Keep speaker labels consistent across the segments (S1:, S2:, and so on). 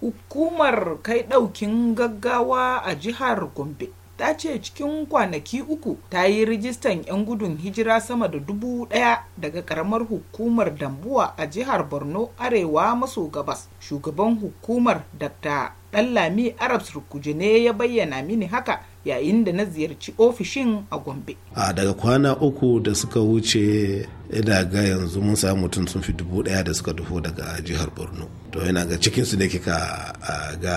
S1: Hukumar kai ɗaukin gaggawa a jihar Gombe ta ce cikin kwanaki uku ta yi rijistan 'yan gudun hijira sama da dubu daya daga karamar hukumar dambuwa a jihar borno arewa maso gabas shugaban hukumar dr ɗanlami arabs surkuje ne ya bayyana mini haka yayin da na ziyarci ofishin a gombe
S2: a daga kwana uku da suka wuce ina ga yanzu mun samu mutum sun fi dubu daya da suka dufo daga jihar borno to yana ga cikin su ne kika ga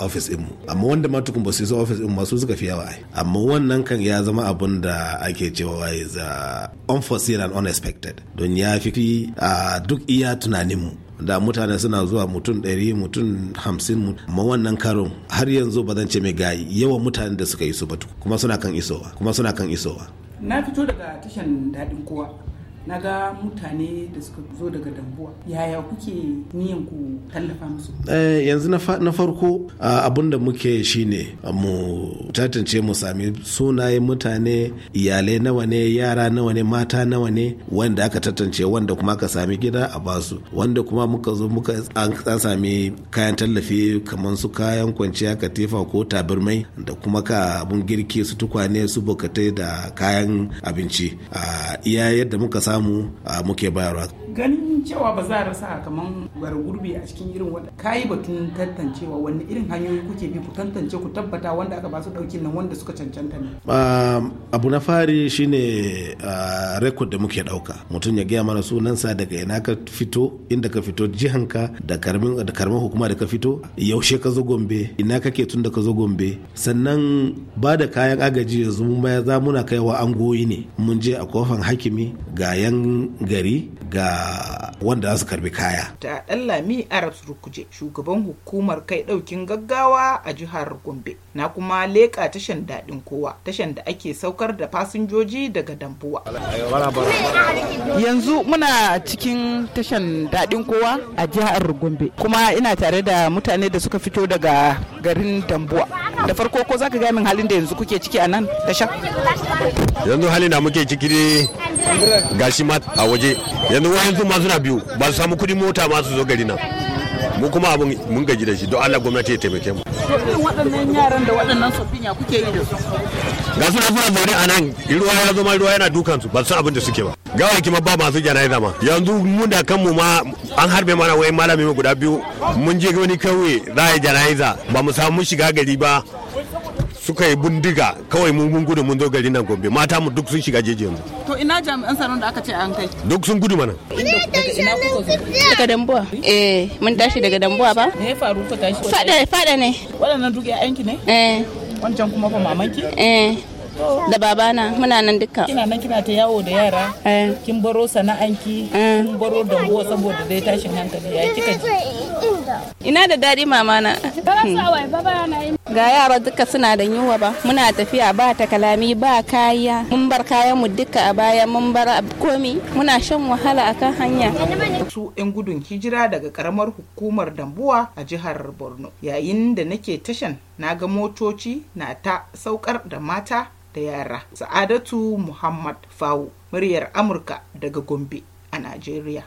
S2: ofis mu amma wanda ma tukun ba su zo ofis din masu suka fi yawa amma wannan kan ya zama abun da ake cewa wai za unforeseen and unexpected don ya fi duk iya tunanin mu da mutane suna zuwa mutum 100 mutum 50 amma wannan karon har yanzu ba zan ce mai gayi yawan mutanen da suka iso ba kuma suna kan isowa kuma suna kan isowa
S1: na fito daga tashan daɗin kowa na ga mutane da suka zo daga dambuwa yaya kuke niyan ku tallafa musu
S2: eh, yanzu na farko abin da muke shine mu tantance mu sami sunaye mutane iyalai nawa ne yara nawa ne mata nawa ne wanda aka tantance wanda kuma aka sami gida a basu wanda kuma muka zo muka an sami kayan tallafi kamar su kayan kwanciya katifa ko tabirmai da kuma ka abun girki su tukwane su bokatai da kayan abinci a iya yadda muka sami samu ah, muke bayarwa
S1: ganin cewa ba za a rasa kaman bar gurbi a cikin irin wanda kayi batun tantancewa wani irin hanyoyi kuke bi ku tantance ku tabbata wanda aka ba su ɗauki nan wanda suka cancanta ne
S2: um, abu na fari shine uh, rekod da muke ɗauka mutum ya gaya mana sunansa daga ina ka fito inda ka fito jihanka da karmin da karmin hukuma da ka fito yaushe ka zo gombe ina kake tun da ka zo gombe sannan ba da kayan agaji yanzu mun baya za muna kaiwa angoyi ne mun je a kofan hakimi ga yan gari ga wanda za su karbi kaya.
S1: Ta Dallami Arabs Rukuje shugaban hukumar kai ɗaukin gaggawa a jihar Gombe na kuma leƙa tashan daɗin kowa tashan da ake saukar da fasinjoji daga Dambuwa. Yanzu muna cikin tashan daɗin kowa a jihar Gombe kuma ina tare da mutane da suka fito daga garin Dambuwa. Da farko ko za ka ga min halin da yanzu kuke ciki a nan tashan?
S2: Yanzu halin da muke ciki ne gashi ma a waje yanzu wajen ma suna biyu ba su samu kuɗin mota ma su zo gari nan mu kuma abin mun gaji da shi don Allah gwamnati ya taimake mu.
S1: irin waɗannan yaran da waɗannan tsoffin kuke yi da su?
S2: Ga suna suna zaune a nan ruwa ya zama ruwa yana dukan su ba su abin da suke ba. Gawa kima ba masu jana'iza ma yanzu mun da kanmu ma an harbe mana wayan malami guda biyu mun je wani kauye za a yi jana'iza ba mu samu shiga gari ba suka yi bindiga kawai mun mun gudu mun zo gari nan Gombe mata mu duk sun shiga jeji yanzu
S3: to ina jami'an tsaron da aka ce an kai
S2: duk sun gudu mana
S3: ina daga Dambuwa eh mun tashi daga Dambuwa ba me ya faru ko tashi fada fada ne wannan duk yanki ne eh wancan kuma fa mamanki eh da babana muna nan duka kina nan kina ta yawo da yara eh. kin baro sana'anki eh. kin baro dambuwa saboda dai tashin hankali ya kika ji ina da daɗi mamana. Hmm. na ga yara duka suna da yunwa ba muna tafiya ba kalami ba kaya mun bar kayan mu duka a baya mun bar komi muna shan wahala akan hanya
S1: su yan gudun hijira daga karamar hukumar dambuwa a jihar borno yayin da nake tashan na ga motoci na ta saukar da mata da yara sa'adatu muhammad Fawu, muryar amurka daga gombe a najeriya